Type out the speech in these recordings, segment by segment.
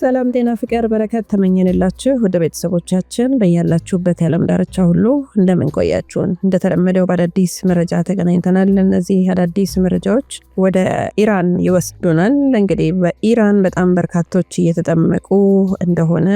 ሰላም ጤና ፍቅር በረከት ተመኘንላችሁ ወደ ቤተሰቦቻችን በያላችሁበት የዓለም ዳርቻ ሁሉ እንደምን ቆያችሁን። እንደተለመደው በአዳዲስ መረጃ ተገናኝተናል። እነዚህ አዳዲስ መረጃዎች ወደ ኢራን ይወስዱናል። እንግዲህ በኢራን በጣም በርካቶች እየተጠመቁ እንደሆነ፣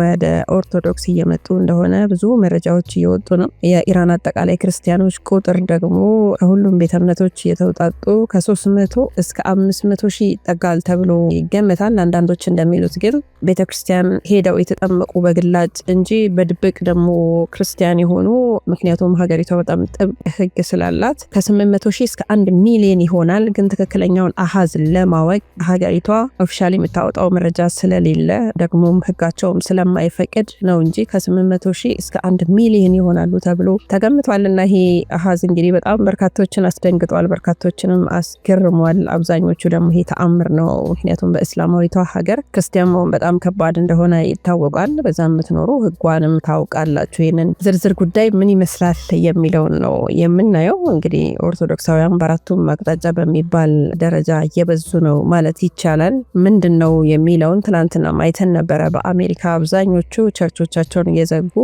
ወደ ኦርቶዶክስ እየመጡ እንደሆነ ብዙ መረጃዎች እየወጡ ነው። የኢራን አጠቃላይ ክርስቲያኖች ቁጥር ደግሞ ከሁሉም ቤተ እምነቶች እየተውጣጡ ከ300 እስከ 500 ሺህ ይጠጋል ተብሎ ይገመታል። አንዳንዶች እንደሚሉት በትክክል ቤተክርስቲያን ሄደው የተጠመቁ በግላጭ እንጂ በድብቅ ደግሞ ክርስቲያን የሆኑ ምክንያቱም ሀገሪቷ በጣም ጥብቅ ህግ ስላላት ከ800 ሺህ እስከ አንድ ሚሊዮን ይሆናል። ግን ትክክለኛውን አሃዝ ለማወቅ ሀገሪቷ ኦፊሻሊ የምታወጣው መረጃ ስለሌለ ደግሞም ህጋቸውም ስለማይፈቅድ ነው እንጂ ከ800 ሺህ እስከ አንድ ሚሊዮን ይሆናሉ ተብሎ ተገምቷልና ይሄ አሃዝ እንግዲህ በጣም በርካቶችን አስደንግጧል፣ በርካቶችንም አስገርሟል። አብዛኞቹ ደግሞ ይሄ ተአምር ነው። ምክንያቱም በእስላማዊቷ ሀገር ክርስቲያን ከተማውን በጣም ከባድ እንደሆነ ይታወቃል። በዛ የምትኖሩ ህጓንም ታውቃላችሁ። ይህንን ዝርዝር ጉዳይ ምን ይመስላል የሚለውን ነው የምናየው። እንግዲህ ኦርቶዶክሳውያን በአራቱም አቅጣጫ በሚባል ደረጃ እየበዙ ነው ማለት ይቻላል። ምንድን ነው የሚለውን ትናንትና አይተን ነበረ። በአሜሪካ አብዛኞቹ ቸርቾቻቸውን እየዘጉ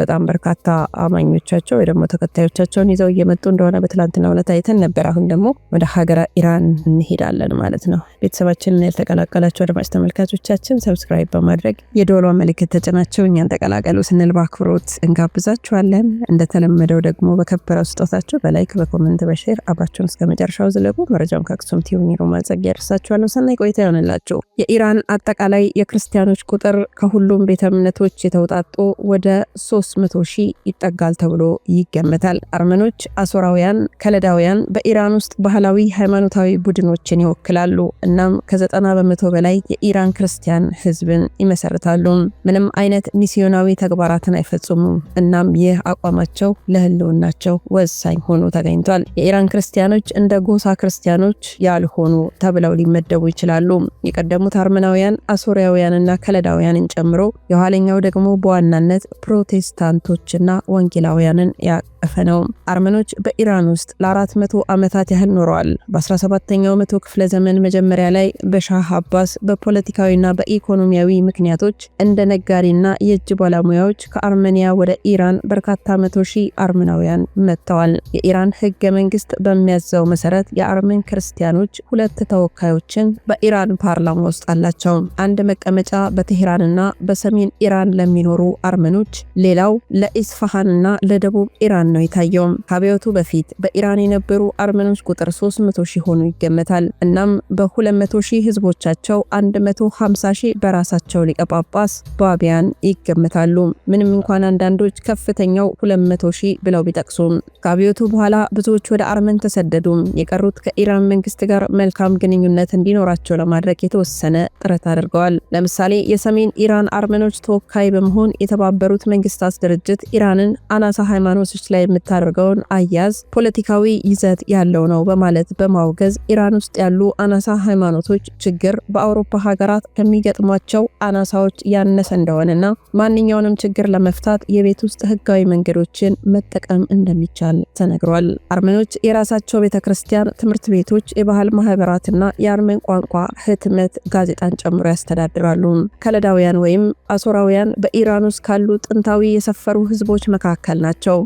በጣም በርካታ አማኞቻቸው ወይ ደግሞ ተከታዮቻቸውን ይዘው እየመጡ እንደሆነ በትናንትና እውነት አይተን ነበር። አሁን ደግሞ ወደ ሀገረ ኢራን እንሄዳለን ማለት ነው። ቤተሰባችንን ያልተቀላቀላቸው አድማጭ ተመልካቾቻችን ቻናላችንን ሰብስክራይብ በማድረግ የደወሏ ምልክት ተጭናቸው እኛን ተቀላቀሉ ስንል በአክብሮት እንጋብዛችኋለን። እንደተለመደው ደግሞ በከበረ ስጦታቸው በላይክ በኮመንት በሼር አብራችሁን እስከ መጨረሻው ዝለቁ። መረጃውን ከአክሱም ቲዩብ ሮማን ያደርሳችኋለሁ። ሰናይ ቆይታ ይሆንላችሁ። የኢራን አጠቃላይ የክርስቲያኖች ቁጥር ከሁሉም ቤተ እምነቶች የተውጣጡ ወደ 300 ሺህ ይጠጋል ተብሎ ይገመታል። አርመኖች፣ አሶራውያን፣ ከለዳውያን በኢራን ውስጥ ባህላዊ ሃይማኖታዊ ቡድኖችን ይወክላሉ። እናም ከዘጠና በመቶ በላይ የኢራን ክርስቲያን ህዝብን ይመሰርታሉ። ምንም አይነት ሚስዮናዊ ተግባራትን አይፈጽሙም። እናም ይህ አቋማቸው ለህልውናቸው ወሳኝ ሆኖ ተገኝቷል። የኢራን ክርስቲያኖች እንደ ጎሳ ክርስቲያኖች ያልሆኑ ተብለው ሊመደቡ ይችላሉ። የቀደሙት አርመናውያን፣ አሶሪያውያንና ከለዳውያንን ጨምሮ የኋለኛው ደግሞ በዋናነት ፕሮቴስታንቶችና ወንጌላውያንን ያቀፈ ነው። አርመኖች በኢራን ውስጥ ለአራት መቶ ዓመታት ያህል ኖረዋል። በ17ኛው መቶ ክፍለ ዘመን መጀመሪያ ላይ በሻህ አባስ በፖለቲካዊና በኢኮኖሚያዊ ምክንያቶች እንደ ነጋዴና የእጅ ባለሙያዎች ከአርሜኒያ ወደ ኢራን በርካታ መቶ ሺህ አርመናውያን መጥተዋል። የኢራን ህገ መንግስት በሚያዘው መሰረት የአርመን ክርስቲያኖች ሁለት ተወካዮችን በኢራን ፓርላማ ውስጥ አላቸው። አንድ መቀመጫ በቴሄራንና በሰሜን ኢራን ለሚኖሩ አርመኖች፣ ሌላው ለኢስፋሃንና ለደቡብ ኢራን ሰላም ነው የታየውም። ከአብዮቱ በፊት በኢራን የነበሩ አርመኖች ቁጥር 300 ሺህ ሆኑ ይገመታል። እናም በ200 ሺህ ህዝቦቻቸው 150 ሺህ በራሳቸው ሊቀ ጳጳስ ባቢያን ይገመታሉ። ምንም እንኳን አንዳንዶች ከፍተኛው 200 ሺህ ብለው ቢጠቅሱም ከአብዮቱ በኋላ ብዙዎች ወደ አርመን ተሰደዱ የቀሩት ከኢራን መንግስት ጋር መልካም ግንኙነት እንዲኖራቸው ለማድረግ የተወሰነ ጥረት አድርገዋል። ለምሳሌ የሰሜን ኢራን አርመኖች ተወካይ በመሆን የተባበሩት መንግስታት ድርጅት ኢራንን አናሳ ሃይማኖቶች ላይ ላይ የምታደርገውን አያያዝ ፖለቲካዊ ይዘት ያለው ነው በማለት በማውገዝ ኢራን ውስጥ ያሉ አናሳ ሃይማኖቶች ችግር በአውሮፓ ሀገራት ከሚገጥሟቸው አናሳዎች ያነሰ እንደሆነና ማንኛውንም ችግር ለመፍታት የቤት ውስጥ ህጋዊ መንገዶችን መጠቀም እንደሚቻል ተነግሯል። አርመኖች የራሳቸው ቤተ ክርስቲያን፣ ትምህርት ቤቶች፣ የባህል ማህበራትና የአርሜን ቋንቋ ህትመት ጋዜጣን ጨምሮ ያስተዳድራሉ። ከለዳውያን ወይም አሶራውያን በኢራን ውስጥ ካሉ ጥንታዊ የሰፈሩ ህዝቦች መካከል ናቸው።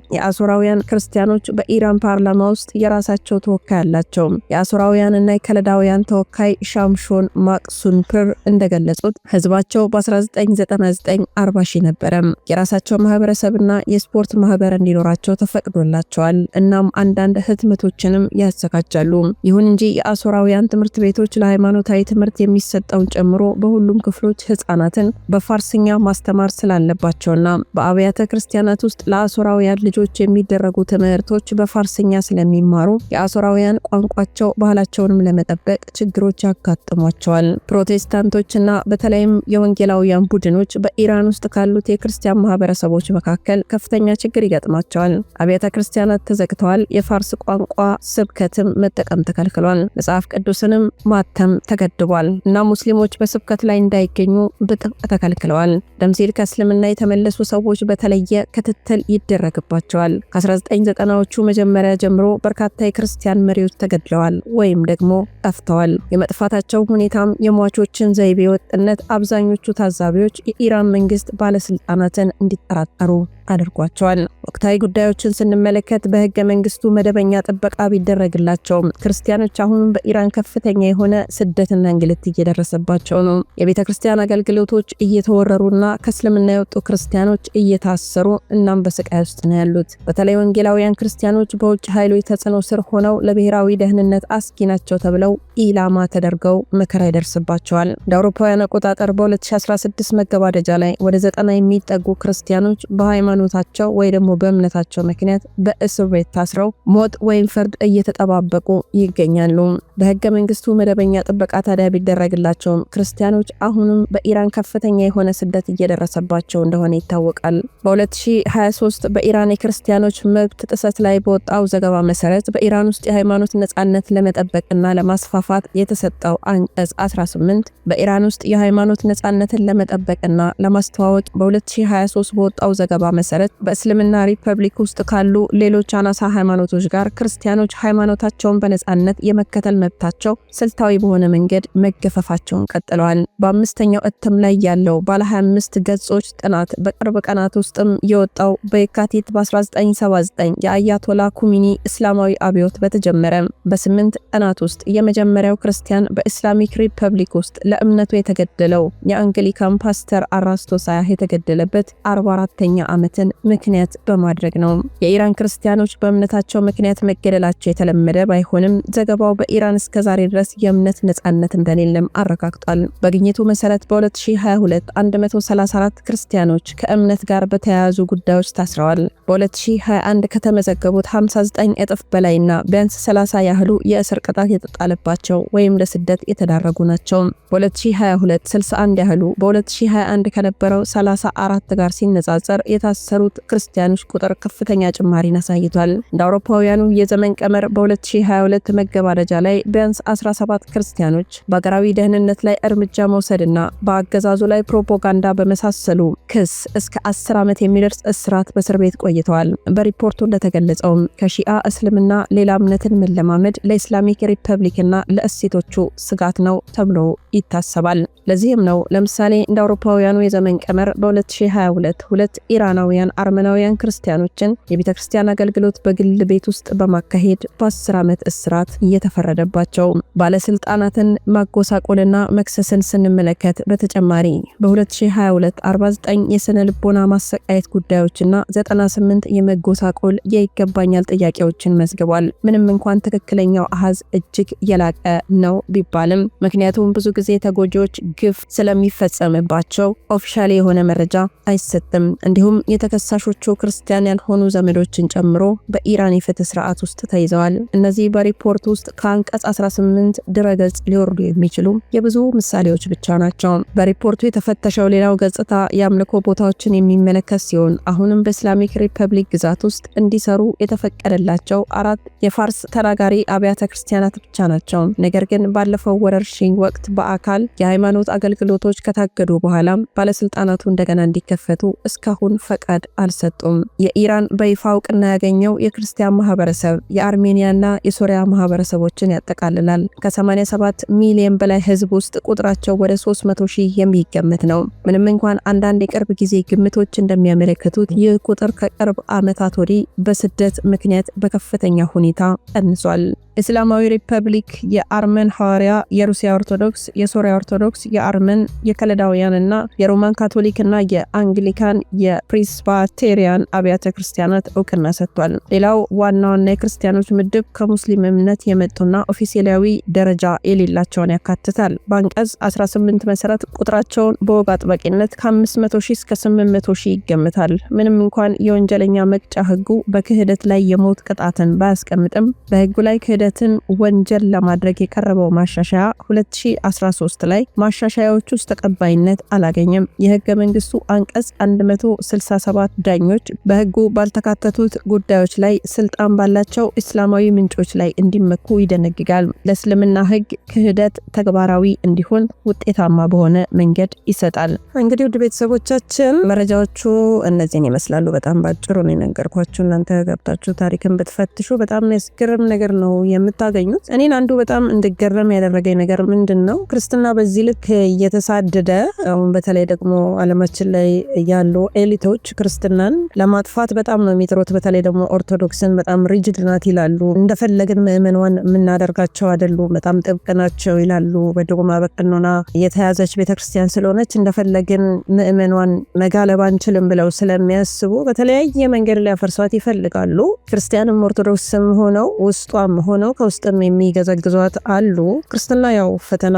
የአሦራውያን ክርስቲያኖች በኢራን ፓርላማ ውስጥ የራሳቸው ተወካይ አላቸው። የአሶራውያን እና የከለዳውያን ተወካይ ሻምሾን ማቅሱንፕር እንደገለጹት ህዝባቸው በ1999 40 ሺህ ነበረ። የራሳቸው ማህበረሰብና የስፖርት ማህበር እንዲኖራቸው ተፈቅዶላቸዋል። እናም አንዳንድ ህትመቶችንም ያዘጋጃሉ። ይሁን እንጂ የአሶራውያን ትምህርት ቤቶች ለሃይማኖታዊ ትምህርት የሚሰጠውን ጨምሮ በሁሉም ክፍሎች ህጻናትን በፋርስኛ ማስተማር ስላለባቸውና በአብያተ ክርስቲያናት ውስጥ ለአሶራውያን ልጆች የሚደረጉ ትምህርቶች በፋርስኛ ስለሚማሩ የአሶራውያን ቋንቋቸው፣ ባህላቸውንም ለመጠበቅ ችግሮች ያጋጥሟቸዋል። ፕሮቴስታንቶችና በተለይም የወንጌላውያን ቡድኖች በኢራን ውስጥ ካሉት የክርስቲያን ማህበረሰቦች መካከል ከፍተኛ ችግር ይገጥማቸዋል። አብያተ ክርስቲያናት ተዘግተዋል። የፋርስ ቋንቋ ስብከትም መጠቀም ተከልክሏል። መጽሐፍ ቅዱስንም ማተም ተገድቧል እና ሙስሊሞች በስብከት ላይ እንዳይገኙ በጥብቅ ተከልክለዋል። ደምሲል ከእስልምና የተመለሱ ሰዎች በተለየ ክትትል ይደረግባቸዋል። ከ1990ዎቹ መጀመሪያ ጀምሮ በርካታ የክርስቲያን መሪዎች ተገድለዋል ወይም ደግሞ ጠፍተዋል። የመጥፋታቸው ሁኔታም የሟቾችን ዘይቤ ወጥነት አብዛኞቹ ታዛቢዎች የኢራን መንግስት ባለስልጣናትን እንዲጠራጠሩ አድርጓቸዋል። ወቅታዊ ጉዳዮችን ስንመለከት በህገ መንግስቱ መደበኛ ጥበቃ ቢደረግላቸውም ክርስቲያኖች አሁንም በኢራን ከፍተኛ የሆነ ስደትና እንግልት እየደረሰባቸው ነው። የቤተ ክርስቲያን አገልግሎቶች እየተወረሩና ከእስልምና የወጡ ክርስቲያኖች እየታሰሩ እናም በስቃይ ውስጥ ነው ያሉት። በተለይ ወንጌላውያን ክርስቲያኖች በውጭ ኃይሎች ተጽዕኖ ስር ሆነው ለብሔራዊ ደህንነት አስጊ ናቸው ተብለው ኢላማ ተደርገው መከራ ይደርስባቸዋል። እንደ አውሮፓውያን አቆጣጠር በ2016 መገባደጃ ላይ ወደ ዘጠና የሚጠጉ ክርስቲያኖች በሃይማኖታቸው ወይ ደግሞ በእምነታቸው ምክንያት በእስር ቤት ታስረው ሞት ወይም ፍርድ እየተጠባበቁ ይገኛሉ። በህገ መንግስቱ መደበኛ ጥበቃ ታዲያ ቢደረግላቸውም ክርስቲያኖች አሁንም በኢራን ከፍተኛ የሆነ ስደት እየደረሰባቸው እንደሆነ ይታወቃል። በ2023 በኢራን የክርስቲያኖች መብት ጥሰት ላይ በወጣው ዘገባ መሰረት በኢራን ውስጥ የሃይማኖት ነጻነት ለመጠበቅና ለማስፋፋ ለማስፋፋት የተሰጠው አንቀጽ 18 በኢራን ውስጥ የሃይማኖት ነጻነትን ለመጠበቅና ለማስተዋወቅ በ2023 በወጣው ዘገባ መሰረት በእስልምና ሪፐብሊክ ውስጥ ካሉ ሌሎች አናሳ ሃይማኖቶች ጋር ክርስቲያኖች ሃይማኖታቸውን በነጻነት የመከተል መብታቸው ስልታዊ በሆነ መንገድ መገፈፋቸውን ቀጥለዋል። በአምስተኛው እትም ላይ ያለው ባለ 25 ገጾች ጥናት በቅርብ ቀናት ውስጥም የወጣው በየካቲት በ1979 የአያቶላ ኩሚኒ እስላማዊ አብዮት በተጀመረ በስምንት ቀናት ውስጥ የመጀመ የመጀመሪያው ክርስቲያን በኢስላሚክ ሪፐብሊክ ውስጥ ለእምነቱ የተገደለው የአንግሊካን ፓስተር አራስቶ ሳያህ የተገደለበት 44ተኛ ዓመትን ምክንያት በማድረግ ነው። የኢራን ክርስቲያኖች በእምነታቸው ምክንያት መገደላቸው የተለመደ ባይሆንም ዘገባው በኢራን እስከዛሬ ድረስ የእምነት ነጻነት እንደሌለም አረጋግጧል። በግኝቱ መሰረት በ2022 134 ክርስቲያኖች ከእምነት ጋር በተያያዙ ጉዳዮች ታስረዋል። በ2021 ከተመዘገቡት 59 እጥፍ በላይና ቢያንስ 30 ያህሉ የእስር ቅጣት የተጣለባቸው ናቸው ወይም ለስደት የተዳረጉ ናቸው። በ2022 61 ያህሉ በ2021 ከነበረው 34 ጋር ሲነጻጸር የታሰሩት ክርስቲያኖች ቁጥር ከፍተኛ ጭማሪን አሳይቷል። እንደ አውሮፓውያኑ የዘመን ቀመር በ2022 መገባደጃ ላይ ቢያንስ 17 ክርስቲያኖች በአገራዊ ደህንነት ላይ እርምጃ መውሰድና በአገዛዙ ላይ ፕሮፓጋንዳ በመሳሰሉ ክስ እስከ 10 ዓመት የሚደርስ እስራት በእስር ቤት ቆይተዋል። በሪፖርቱ እንደተገለጸውም ከሺአ እስልምና ሌላ እምነትን መለማመድ ለኢስላሚክ ሪፐብሊክና ለእሴቶቹ ስጋት ነው ተብሎ ይታሰባል። ለዚህም ነው ለምሳሌ እንደ አውሮፓውያኑ የዘመን ቀመር በ2022 ሁለት ኢራናውያን አርመናውያን ክርስቲያኖችን የቤተ ክርስቲያን አገልግሎት በግል ቤት ውስጥ በማካሄድ በ10 ዓመት እስራት እየተፈረደባቸው ባለስልጣናትን ማጎሳቆልና መክሰስን ስንመለከት በተጨማሪ በ2022 49 የስነ ልቦና ማሰቃየት ጉዳዮችና 98 የመጎሳቆል የይገባኛል ጥያቄዎችን መዝግቧል። ምንም እንኳን ትክክለኛው አሃዝ እጅግ የላቀ ነው ቢባልም ምክንያቱም ብዙ ጊዜ ተጎጂዎች ግፍ ስለሚፈጸምባቸው ኦፊሻሌ የሆነ መረጃ አይሰጥም። እንዲሁም የተከሳሾቹ ክርስቲያን ያልሆኑ ዘመዶችን ጨምሮ በኢራን የፍትህ ስርዓት ውስጥ ተይዘዋል። እነዚህ በሪፖርት ውስጥ ከአንቀጽ 18 ድረገጽ ሊወርዱ የሚችሉ የብዙ ምሳሌዎች ብቻ ናቸው። በሪፖርቱ የተፈተሸው ሌላው ገጽታ የአምልኮ ቦታዎችን የሚመለከት ሲሆን አሁንም በእስላሚክ ሪፐብሊክ ግዛት ውስጥ እንዲሰሩ የተፈቀደላቸው አራት የፋርስ ተናጋሪ አብያተ ክርስቲያናት ብቻ ናቸው። ነገር ግን ባለፈው ወረርሽኝ ወቅት በአካል የሃይማኖት አገልግሎቶች ከታገዱ በኋላ ባለስልጣናቱ እንደገና እንዲከፈቱ እስካሁን ፈቃድ አልሰጡም። የኢራን በይፋ እውቅና ያገኘው የክርስቲያን ማህበረሰብ የአርሜኒያና የሶሪያ ማህበረሰቦችን ያጠቃልላል። ከ87 ሚሊዮን በላይ ህዝብ ውስጥ ቁጥራቸው ወደ 300 ሺህ የሚገመት ነው። ምንም እንኳን አንዳንድ የቅርብ ጊዜ ግምቶች እንደሚያመለክቱት ይህ ቁጥር ከቅርብ ዓመታት ወዲህ በስደት ምክንያት በከፍተኛ ሁኔታ ቀንሷል። እስላማዊ ሪፐብሊክ፣ የአርመን ሐዋርያ፣ የሩሲያ ኦርቶዶክስ፣ የሶሪያ ኦርቶዶክስ፣ የአርመን፣ የከለዳውያንና የሮማን ካቶሊክና የአንግሊካን የፕሪስባቴሪያን አብያተ ክርስቲያናት እውቅና ሰጥቷል። ሌላው ዋና ዋና የክርስቲያኖች ምድብ ከሙስሊም እምነት የመጡና ኦፊሴላዊ ደረጃ የሌላቸውን ያካትታል። በአንቀጽ 18 መሰረት ቁጥራቸውን በወግ አጥባቂነት ከ500 ሺህ እስከ 800 ሺህ ይገምታል። ምንም እንኳን የወንጀለኛ መቅጫ ህጉ በክህደት ላይ የሞት ቅጣትን ባያስቀምጥም በህጉ ላይ ክህደት ክህደትን ወንጀል ለማድረግ የቀረበው ማሻሻያ 2013 ላይ ማሻሻያዎች ውስጥ ተቀባይነት አላገኘም። የህገ መንግስቱ አንቀጽ 167 ዳኞች በህጉ ባልተካተቱት ጉዳዮች ላይ ስልጣን ባላቸው እስላማዊ ምንጮች ላይ እንዲመኩ ይደነግጋል። ለእስልምና ህግ ክህደት ተግባራዊ እንዲሆን ውጤታማ በሆነ መንገድ ይሰጣል። እንግዲህ ውድ ቤተሰቦቻችን መረጃዎቹ እነዚህን ይመስላሉ። በጣም ባጭሩ ነው የነገርኳችሁ። እናንተ ገብታችሁ ታሪክን ብትፈትሹ በጣም ያስገርም ነገር ነው የምታገኙት። እኔን አንዱ በጣም እንድገረም ያደረገኝ ነገር ምንድን ነው ክርስትና በዚህ ልክ እየተሳደደ አሁን በተለይ ደግሞ አለማችን ላይ ያሉ ኤሊቶች ክርስትናን ለማጥፋት በጣም ነው የሚጥሩት። በተለይ ደግሞ ኦርቶዶክስን በጣም ሪጅድ ናት ይላሉ። እንደፈለግን ምእመንዋን የምናደርጋቸው አይደሉም፣ በጣም ጥብቅ ናቸው ይላሉ። በዶግማ በቀኖና የተያዘች ቤተክርስቲያን ስለሆነች እንደፈለግን ምእመኗን መጋለብ አንችልም ብለው ስለሚያስቡ በተለያየ መንገድ ሊያፈርሷት ይፈልጋሉ። ክርስቲያንም ኦርቶዶክስም ሆነው ውስጧም ሆነ ነው። ከውስጥም የሚገዘግዟት አሉ። ክርስትና ያው ፈተና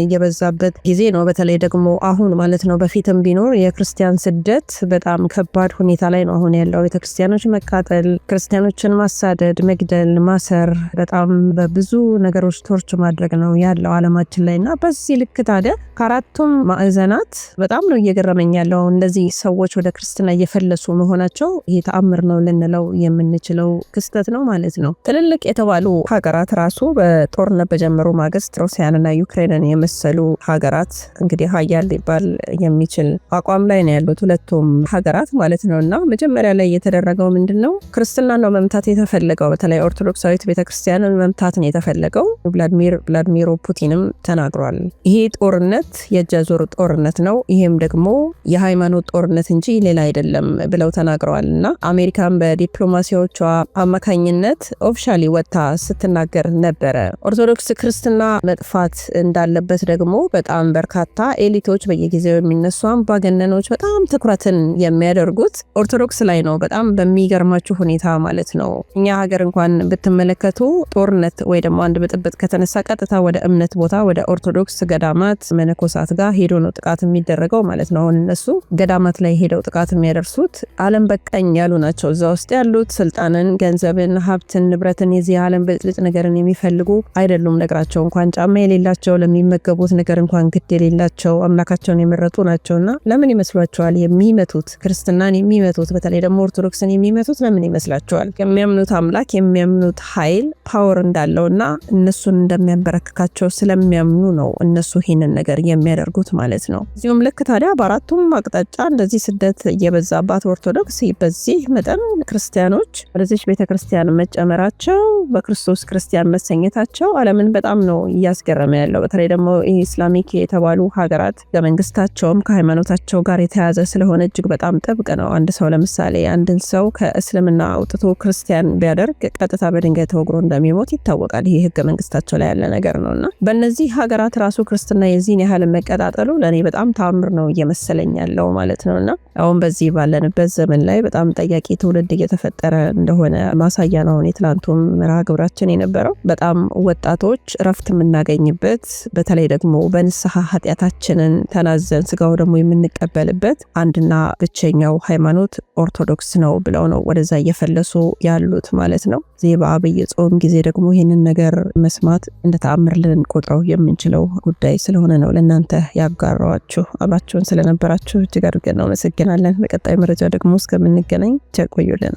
እየበዛበት ጊዜ ነው። በተለይ ደግሞ አሁን ማለት ነው። በፊትም ቢኖር የክርስቲያን ስደት በጣም ከባድ ሁኔታ ላይ ነው አሁን ያለው። ቤተክርስቲያኖች መቃጠል፣ ክርስቲያኖችን ማሳደድ፣ መግደል፣ ማሰር፣ በጣም በብዙ ነገሮች ቶርች ማድረግ ነው ያለው አለማችን ላይ እና በዚህ ልክ ታዲያ ከአራቱም ማዕዘናት በጣም ነው እየገረመኝ ያለው እንደዚህ ሰዎች ወደ ክርስትና እየፈለሱ መሆናቸው ይህ ተአምር ነው ልንለው የምንችለው ክስተት ነው ማለት ነው። ትልልቅ የተባሉ ሀገራት ራሱ በጦርነት በጀመሩ ማግስት ሩሲያንና ዩክሬንን የመሰሉ ሀገራት እንግዲህ ሀያል ሊባል የሚችል አቋም ላይ ነው ያሉት ሁለቱም ሀገራት ማለት ነው። እና መጀመሪያ ላይ የተደረገው ምንድን ነው? ክርስትና ነው መምታት የተፈለገው። በተለይ ኦርቶዶክሳዊት ቤተክርስቲያንን መምታት ነው የተፈለገው። ቭላድሚር ቭላድሚሮ ፑቲንም ተናግሯል። ይሄ ጦርነት የእጅ ጦርነት ነው፣ ይሄም ደግሞ የሃይማኖት ጦርነት እንጂ ሌላ አይደለም ብለው ተናግረዋል። እና አሜሪካን በዲፕሎማሲዎቿ አማካኝነት ኦፊሻሊ ወጥታ ስትናገር ነበረ። ኦርቶዶክስ ክርስትና መጥፋት እንዳለበት ደግሞ በጣም በርካታ ኤሊቶች በየጊዜው የሚነሱ አምባገነኖች በጣም ትኩረትን የሚያደርጉት ኦርቶዶክስ ላይ ነው። በጣም በሚገርማችሁ ሁኔታ ማለት ነው እኛ ሀገር እንኳን ብትመለከቱ ጦርነት ወይ ደግሞ አንድ ብጥብጥ ከተነሳ ቀጥታ ወደ እምነት ቦታ ወደ ኦርቶዶክስ ገዳማት መነኮሳት ጋር ሄዶ ነው ጥቃት የሚደረገው ማለት ነው። እነሱ ገዳማት ላይ ሄደው ጥቃት የሚያደርሱት አለም በቃኝ ያሉ ናቸው። እዛ ውስጥ ያሉት ስልጣንን፣ ገንዘብን፣ ሀብትን፣ ንብረትን የዚህ አለም ብልጭልጭ ነገርን የሚፈልጉ አይደሉም። ነግራቸው እንኳን ጫማ የሌላቸው ለሚመገቡት ነገር እንኳን ግድ የሌላቸው አምላካቸውን የመረጡ ናቸውና ለምን ይመስሏቸዋል የሚመቱት ክርስትናን የሚመቱት በተለይ ደግሞ ኦርቶዶክስን የሚመቱት ለምን ይመስላቸዋል? የሚያምኑት አምላክ የሚያምኑት ኃይል ፓወር እንዳለውና እነሱን እንደሚያንበረክካቸው ስለሚያምኑ ነው እነሱ ይህንን ነገር የሚያደርጉት ማለት ነው። እዚሁም ልክ ታዲያ በአራቱም አቅጣጫ እንደዚህ ስደት እየበዛባት ኦርቶዶክስ በዚህ መጠን ክርስቲያኖች ወደዚች ቤተክርስቲያን መጨመራቸው በክርስቶ ክርስቶስ ክርስቲያን መሰኘታቸው ዓለምን በጣም ነው እያስገረመ ያለው። በተለይ ደግሞ ኢስላሚክ የተባሉ ሀገራት ከመንግስታቸውም ከሃይማኖታቸው ጋር የተያዘ ስለሆነ እጅግ በጣም ጥብቅ ነው። አንድ ሰው ለምሳሌ አንድን ሰው ከእስልምና አውጥቶ ክርስቲያን ቢያደርግ ቀጥታ በድንጋይ ተወግሮ እንደሚሞት ይታወቃል። ይህ ህገ መንግስታቸው ላይ ያለ ነገር ነው እና በእነዚህ ሀገራት ራሱ ክርስትና የዚህን ያህል መቀጣጠሉ ለእኔ በጣም ታምር ነው እየመሰለኝ ያለው ማለት ነው እና አሁን በዚህ ባለንበት ዘመን ላይ በጣም ጠያቂ ትውልድ እየተፈጠረ እንደሆነ ማሳያ ነው። የትላንቱም መርሃ ግብራችን ሀገራችን የነበረው በጣም ወጣቶች እረፍት የምናገኝበት በተለይ ደግሞ በንስሐ ኃጢአታችንን ተናዘን ስጋው ደግሞ የምንቀበልበት አንድና ብቸኛው ሃይማኖት ኦርቶዶክስ ነው ብለው ነው ወደዛ እየፈለሱ ያሉት ማለት ነው። እዚህ በአብይ ጾም ጊዜ ደግሞ ይህንን ነገር መስማት እንደ ተአምር ልንቆጥረው የምንችለው ጉዳይ ስለሆነ ነው ለእናንተ ያጋራዋችሁ። አብራችሁን ስለነበራችሁ እጅግ አድርገን እናመሰግናለን። በቀጣይ መረጃ ደግሞ እስከምንገናኝ ቸር ቆዩልን።